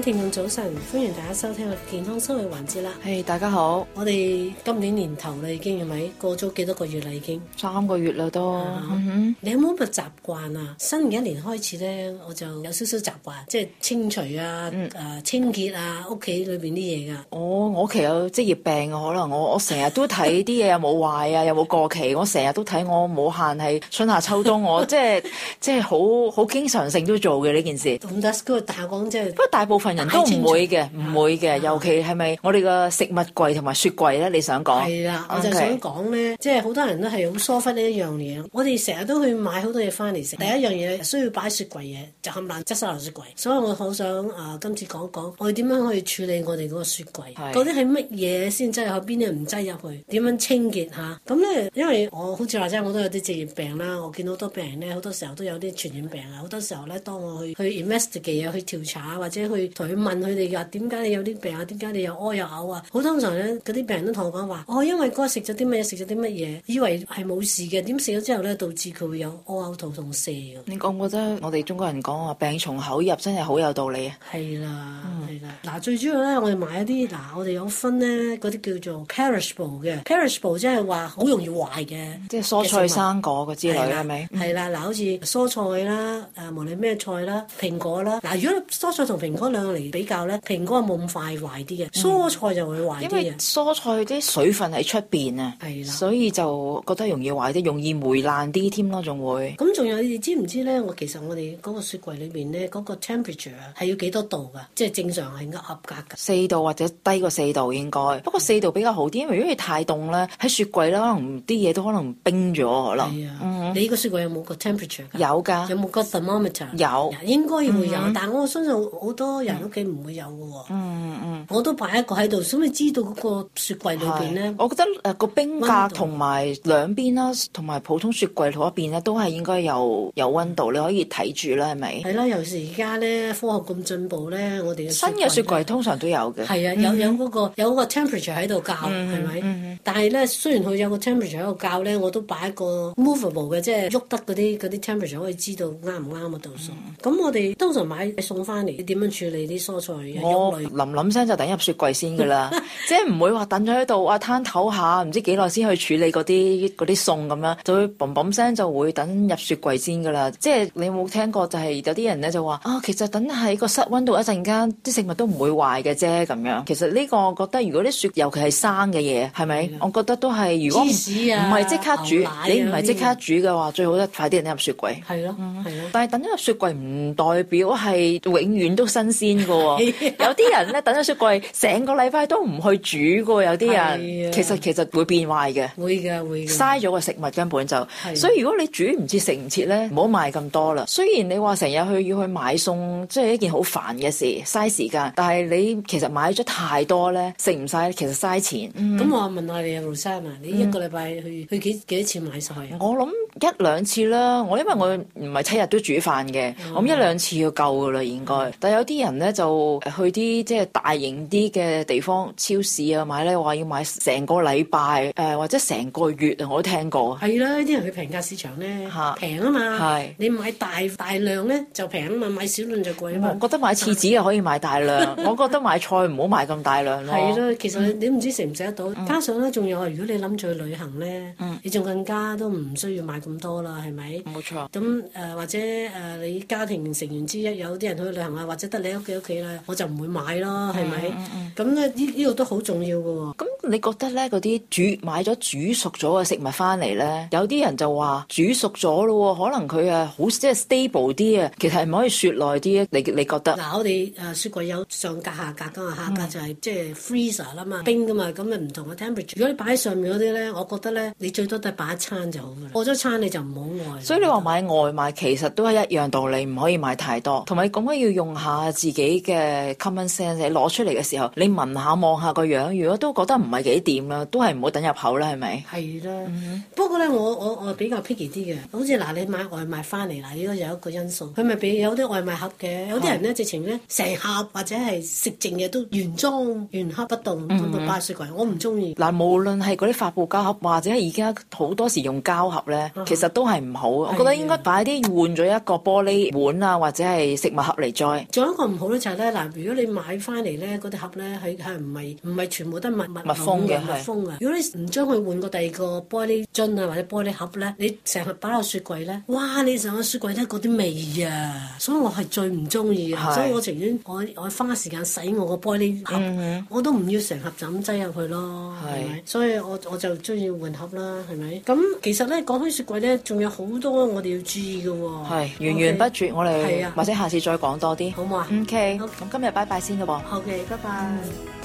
聽眾早晨，歡迎大家收聽我健康生活環節啦。係、hey, 大家好，我哋今年年頭啦已經係咪？過咗幾多個月啦已經？三個月啦都。Uh, mm hmm. 你有冇乜習慣啊？新年一年開始咧，我就有少少習慣，即係清除啊，誒、嗯、呃、清潔啊，屋企裏邊啲嘢噶。哦，我屋企有職業病啊，可能我我成日都睇啲嘢有冇壞啊，有冇過期，我成日都睇。我冇限係春夏秋冬我，我 即係即係好好經常性都做嘅呢件事。咁，That's good，但係講真，不過大部分，人都唔會嘅，唔、啊、會嘅，啊、尤其係咪我哋個食物櫃同埋雪櫃咧？你想講？係啦的，Okay. 我就想講咧，即係好多人都係好疏忽呢一樣嘢。我哋成日都去買好多嘢翻嚟食，第一樣嘢需要擺雪櫃嘢就冚唪唥擠晒落雪櫃。所以我好想啊、呃、今次講講我哋點樣去處理我哋嗰個雪櫃，嗰啲係乜嘢先擠入去，邊啲唔擠入去，點樣清潔吓？咁咧，因為我好似話齋，我都有啲職業病啦。我見好多病人咧，好多時候都有啲傳染病啊。好多時候咧，當我去去 investigate 啊，去調查或者去同佢問佢哋話點解你有啲病啊？點解你又屙又嘔啊？好通常咧，嗰啲病人都同我講話，哦，因為嗰日食咗啲咩？食咗啲乜嘢，以為係冇事嘅，點食咗之後咧，導致佢會有屙嘔、肚痛、瀉嘅。你覺唔覺得我哋中國人講話病從口入真係好有道理啊？係啦，係啦。嗱、嗯啊、最主要咧，我哋買一啲嗱、啊，我哋有分咧嗰啲叫做 perishable 嘅，perishable 即係話好容易壞嘅，即係蔬菜、的生果嗰啲類係咪？係啦，嗱，好似蔬菜啦，無論咩菜啦，蘋果啦，嗱、啊，如果蔬菜同蘋果嚟比較咧，蘋果係冇咁快壞啲嘅，蔬菜就會壞啲嘅。因為蔬菜啲水分喺出邊啊，的所以就覺得容易壞啲，容易霉爛啲添咯，仲會。咁仲有你哋知唔知咧？我其實我哋嗰個雪櫃裏邊咧，嗰、嗰個 temperature 係要幾多度噶？即係正常係應該合格嘅。四度或者低過四度應該，不過四度比較好啲，因為如果太凍咧，喺雪櫃咧可能啲嘢都可能冰咗可能。的嗯、你呢個雪櫃有冇個 temperature？有㗎的。有冇個 thermometer？Om 有，應該會有。嗯、但我相信好多人屋企唔會有嘅喎，嗯嗯，我都擺一個喺度，所以你知道嗰個雪櫃裏邊咧？我覺得誒個冰架同埋兩邊啦，同埋普通雪櫃嗰一邊咧，都係應該有有溫度，你可以睇住啦，係咪？係咯，尤其是而家咧，科學咁進步咧，我哋新嘅雪櫃通常都有嘅。係啊，有有嗰個有嗰個 temperature 喺度校，係咪？但係咧，雖然佢有個 temperature 喺度校咧，我都擺一個 movable 嘅，即係喐得嗰啲啲 temperature 可以知道啱唔啱嘅度數。咁我哋通常買送翻嚟，你點樣處理？你啲蔬菜我諗諗聲就等入雪櫃先噶啦， 即係唔會話等咗喺度啊攤頭下，唔知幾耐先去處理嗰啲啲餸咁樣就會嘣嘣聲就會等入雪櫃先噶啦，即係你有冇聽過就係有啲人咧就話啊、哦，其實等喺個室溫度一陣間啲食物都唔會壞嘅啫咁樣。其實呢個我覺得如果啲雪，尤其係生嘅嘢，係咪？的我覺得都係如果唔唔係即刻煮，奶你唔係即刻煮嘅話，最好咧快啲人入雪櫃。係咯，係咯。嗯、的但係等咗入雪櫃唔代表係永遠都新鮮。邊個有啲人咧，等咗雪櫃，成個禮拜都唔去煮嘅。有啲人其實其實會變壞嘅，會嘅會嘥咗個食物根本就。所以如果你煮唔切食唔切咧，唔好買咁多啦。雖然你話成日去要去買餸，即係一件好煩嘅事，嘥時間。但係你其實買咗太多咧，食唔晒，其實嘥錢。咁我問下你阿盧生啊，你一個禮拜去去幾幾多次買菜啊？我諗一兩次啦。我因為我唔係七日都煮飯嘅，咁一兩次要夠噶啦，應該。但係有啲人。咧就去啲即係大型啲嘅地方超市啊買咧，話要買成個禮拜誒，或者成個月我都聽過。係啦，啲人去平價市場咧平啊嘛，的你買大大量咧就平啊嘛，買少量就貴啊嘛。我覺得買廁紙又可以買大量， 我覺得買菜唔好買咁大量咯。係咯，其實、嗯、你唔知食唔食得到，嗯、加上咧仲有啊，如果你諗住去旅行咧，嗯、你仲更加都唔需要買咁多啦，係咪？冇錯錯。咁誒、呃、或者誒、呃、你家庭成員之一有啲人去旅行啊，或者得你一。屋企啦，我就唔會買啦，係咪、嗯？咁咧，嗯嗯、呢呢個都好重要噶喎。嗯你覺得呢嗰啲煮買咗煮熟咗嘅食物翻嚟呢？有啲人就話煮熟咗咯喎，可能佢啊好即係 stable 啲啊，其實唔可以雪耐啲啊。你你覺得？嗱、嗯，我哋雪櫃有上格下格噶嘛，下格就係即係 freezer 啦嘛，冰噶嘛，咁啊唔同嘅 temperature。如果你擺喺上面嗰啲咧，我覺得咧，你最多都係擺一餐就好噶啦，過咗餐你就唔好外。所以你話買外賣其實都係一樣道理，唔可以買太多，同埋講緊要用下自己嘅 common sense。你、就、攞、是、出嚟嘅時候，你聞下、望下個樣，如果都覺得唔係。幾點啦、啊，都係唔好等入口啦，係咪？係啦的，嗯、哼不過咧，我我我比較 picky 啲嘅，好似嗱，你買外賣翻嚟嗱，呢個有一個因素，佢咪俾有啲外賣盒嘅，嗯、哼有啲人咧直情咧成盒或者係食剩嘢都原裝原盒不動，放到雪櫃，我唔中意。嗱，無論係嗰啲發泡膠盒或者係而家好多時用膠盒咧，啊、哼其實都係唔好。的我覺得應該擺啲換咗一個玻璃碗啊，或者係食物盒嚟載。仲有一個唔好咧就係咧，嗱，如果你買翻嚟咧嗰啲盒咧係係唔係唔係全部都密密密，封嘅密封嘅，如果你唔將佢換過第二個玻璃樽啊，或者玻璃盒咧，你成日擺落雪櫃咧，哇！你成個雪櫃咧嗰啲味啊，所以我係最唔中意，所以我情願我我花時間洗我個玻璃盒，我都唔要成盒就咁擠入去咯，係咪？所以我我就中意換盒啦，係咪？咁其實咧講起雪櫃咧，仲有好多我哋要注意嘅喎，係源源不絕，我哋或者下次再講多啲，好唔好啊？OK，咁今日拜拜先咯噃，好嘅，拜拜。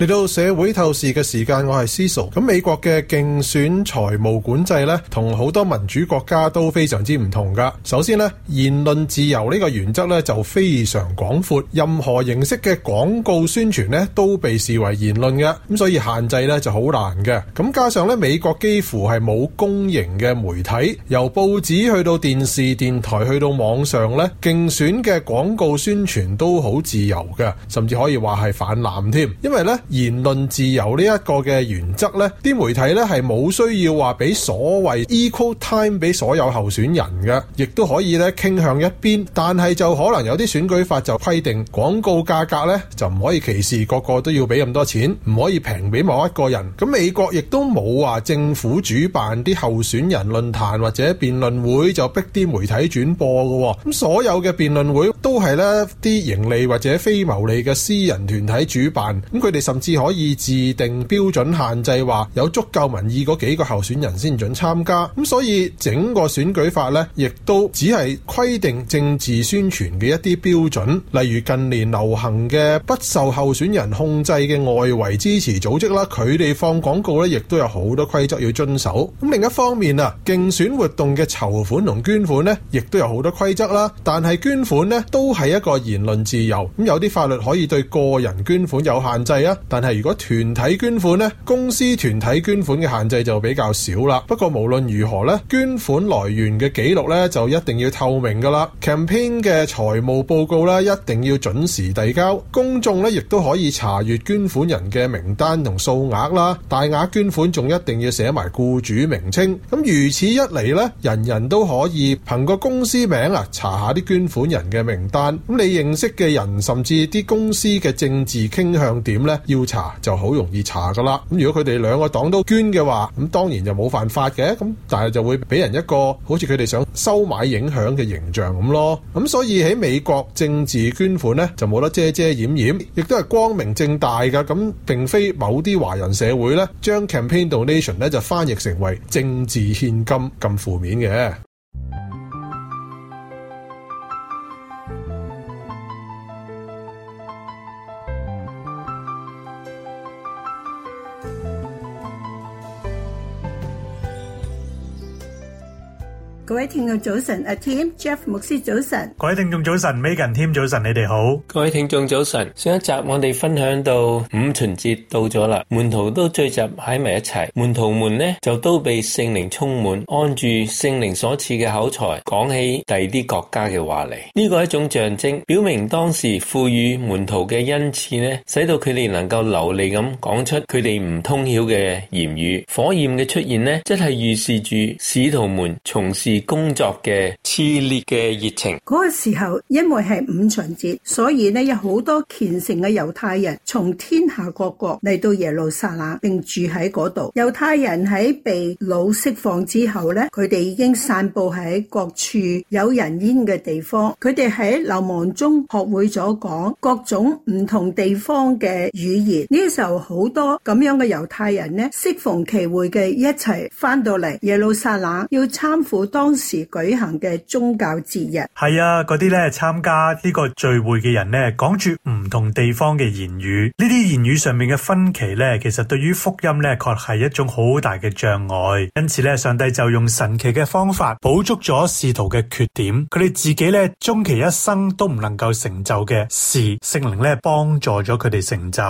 嚟到社會透視嘅時間，我係思。咁美國嘅競選財務管制呢，同好多民主國家都非常之唔同噶。首先呢，言論自由呢個原則呢，就非常廣闊，任何形式嘅廣告宣傳呢，都被視為言論嘅，咁所以限制呢就好難嘅。咁加上呢，美國幾乎係冇公營嘅媒體，由報紙去到電視、電台去到網上呢，競選嘅廣告宣傳都好自由嘅，甚至可以話係泛濫添，因為呢。言論自由呢一個嘅原則呢，啲媒體呢係冇需要話俾所謂 equal time 俾所有候選人嘅，亦都可以呢傾向一邊。但係就可能有啲選舉法就規定廣告價格呢就唔可以歧視，個個都要俾咁多錢，唔可以平俾某一個人。咁美國亦都冇話政府主辦啲候選人論壇或者辯論會就逼啲媒體轉播嘅。咁所有嘅辯論會都係呢啲盈利或者非牟利嘅私人團體主辦。咁佢哋甚至可以自定標準限制，話有足夠民意嗰幾個候選人先準參加。咁所以整個選舉法呢，亦都只係規定政治宣傳嘅一啲標準，例如近年流行嘅不受候選人控制嘅外圍支持組織啦，佢哋放廣告呢，亦都有好多規則要遵守。咁另一方面啊，競選活動嘅籌款同捐款呢，亦都有好多規則啦。但係捐款呢，都係一個言論自由。咁有啲法律可以對個人捐款有限制啊。但係如果團體捐款呢，公司團體捐款嘅限制就比較少啦。不過無論如何呢，捐款來源嘅記錄呢就一定要透明㗎啦。Campaign 嘅財務報告呢一定要準時遞交，公眾呢亦都可以查閱捐款人嘅名單同數額啦。大額捐款仲一定要寫埋雇主名稱。咁如此一嚟呢，人人都可以憑個公司名啊查下啲捐款人嘅名單。咁你認識嘅人，甚至啲公司嘅政治傾向點呢要？查就好容易查噶啦，咁如果佢哋兩個黨都捐嘅話，咁當然就冇犯法嘅，咁但係就會俾人一個好似佢哋想收買影響嘅形象咁咯，咁所以喺美國政治捐款咧就冇得遮遮掩掩，亦都係光明正大噶，咁並非某啲華人社會咧將 campaign donation 咧就翻譯成為政治獻金咁負面嘅。各位聽眾早晨，阿、啊、Tim、Jeff 牧、牧師，早晨。各位聽眾早晨，Megan 添早晨，你哋好。各位聽眾早晨。上一集我哋分享到五旬節到咗啦，門徒都聚集喺埋一齊，門徒們呢就都被聖靈充滿，按住聖靈所賜嘅口才，講起第二啲國家嘅話嚟。呢個係一種象徵，表明當時賦予門徒嘅恩賜呢，使到佢哋能夠流利咁講出佢哋唔通曉嘅言語。火焰嘅出現呢，即係預示住使徒們從事。工作嘅熾烈嘅熱情，嗰個時候因為係五旬節，所以咧有好多虔誠嘅猶太人從天下各國嚟到耶路撒冷，並住喺嗰度。猶太人喺被虜釋放之後咧，佢哋已經散佈喺各處有人煙嘅地方。佢哋喺流亡中學會咗講各種唔同地方嘅語言。呢個時候好多咁樣嘅猶太人咧，適逢其會嘅一齊翻到嚟耶路撒冷，要參付當。當時舉行嘅宗教節日係啊，嗰啲咧參加呢個聚會嘅人咧，講住唔同地方嘅言語，呢啲言語上面嘅分歧咧，其實對於福音咧，確係一種好大嘅障礙。因此咧，上帝就用神奇嘅方法補足咗使徒嘅缺點，佢哋自己咧，終其一生都唔能夠成就嘅事，聖靈咧幫助咗佢哋成就。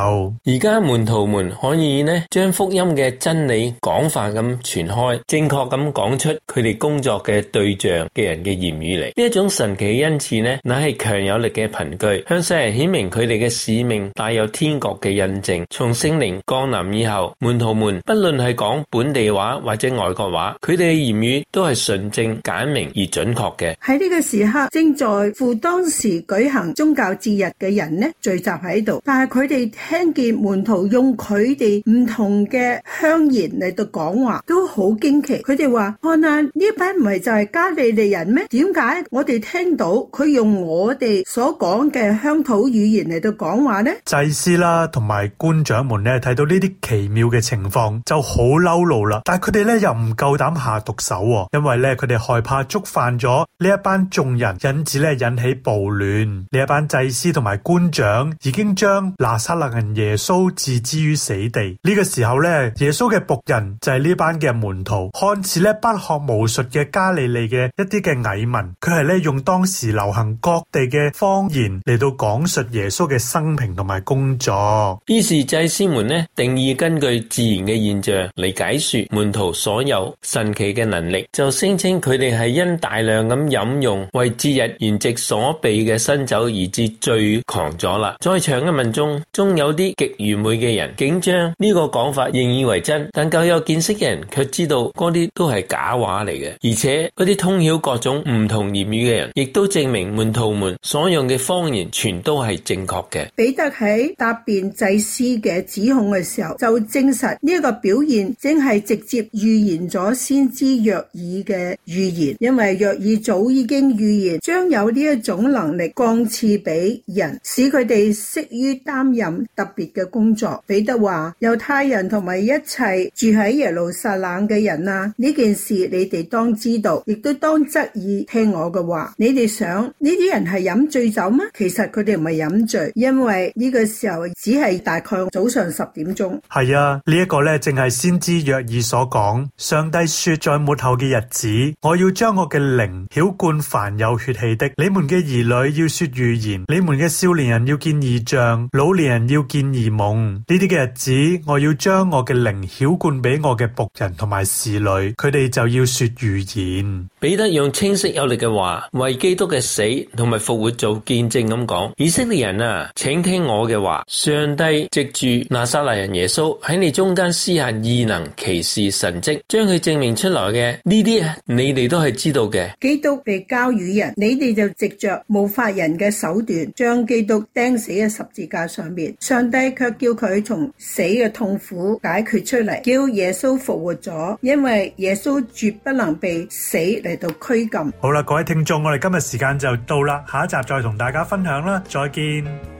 而家門徒們可以咧，將福音嘅真理廣泛咁傳開，正確咁講出佢哋工作嘅對象嘅人嘅言語嚟，呢一種神奇恩賜呢，乃係強有力嘅憑據，向世人顯明佢哋嘅使命帶有天國嘅印證。從聖靈降臨以後，門徒們不論係講本地話或者外國話，佢哋嘅言語都係純正、簡明而準確嘅。喺呢個時刻，正在乎當時舉行宗教節日嘅人呢，聚集喺度，但係佢哋聽見門徒用佢哋唔同嘅鄉言嚟到講話，都好驚奇。佢哋話：「看啊，呢班唔係。咪就係加利利人咩？點解我哋聽到佢用我哋所講嘅鄉土語言嚟到講話呢？祭司啦，同埋官長們咧，睇到呢啲奇妙嘅情況就好嬲怒啦。但係佢哋咧又唔夠膽下毒手，因為咧佢哋害怕觸犯咗呢一班眾人，引致咧引起暴亂。呢一班祭司同埋官長已經將拿撒勒人耶穌置之於死地。呢、呢個時候咧，耶穌嘅僕人就係呢班嘅門徒，看似咧不學無術嘅加利利嘅一啲嘅偽文，佢係咧用當時流行各地嘅方言嚟到講述耶穌嘅生平同埋工作。於是祭司們呢定意根據自然嘅現象嚟解說門徒所有神奇嘅能力，就聲稱佢哋係因大量咁飲用為節日筵席所備嘅新酒而至醉狂咗啦。在場嘅民眾中有啲極愚昧嘅人，竟將呢個講法認以為真，但較有見識嘅人卻知道嗰啲都係假話嚟嘅，而且。嗰啲通曉各種唔同言語嘅人，亦都證明門徒們所用嘅方言全都係正確嘅。彼得喺答辯祭司嘅指控嘅時候，就證實呢一個表現正係直接預言咗先知若爾嘅預言，因為若爾早已經預言將有呢一種能力降賜俾人，使佢哋適於擔任特別嘅工作。彼得話：猶太人同埋一切住喺耶路撒冷嘅人啊，呢件事你哋當知。亦都當質疑聽我嘅話，你哋想呢啲人係飲醉酒嗎？其實佢哋唔係飲醉，因為呢個時候只係大概早上十點鐘。係啊，呢、這、一個呢，正係先知約珥所講，上帝說在末後嘅日子，我要將我嘅靈澆灌凡有血氣的，你們嘅兒女要說預言，你們嘅少年人要見異象，老年人要見異夢。呢啲嘅日子，我要將我嘅靈澆灌俾我嘅僕人同埋侍女，佢哋就要說預言。彼得用清晰有力嘅話為基督嘅死同埋復活做見證，咁講：以色列人啊，請聽我嘅話。上帝藉住拿撒勒人耶穌喺你中間施行異能、奇事、神蹟，將佢證明出來嘅呢啲，你哋都係知道嘅。基督被交與人，你哋就藉着無法人嘅手段將基督釘死喺十字架上面。上帝卻叫佢從死嘅痛苦解決出嚟，叫耶穌復活咗，因為耶穌絕不能被。死嚟到拘禁。好啦，各位聽眾，我哋今日時間就到啦，下一集再同大家分享啦，再見。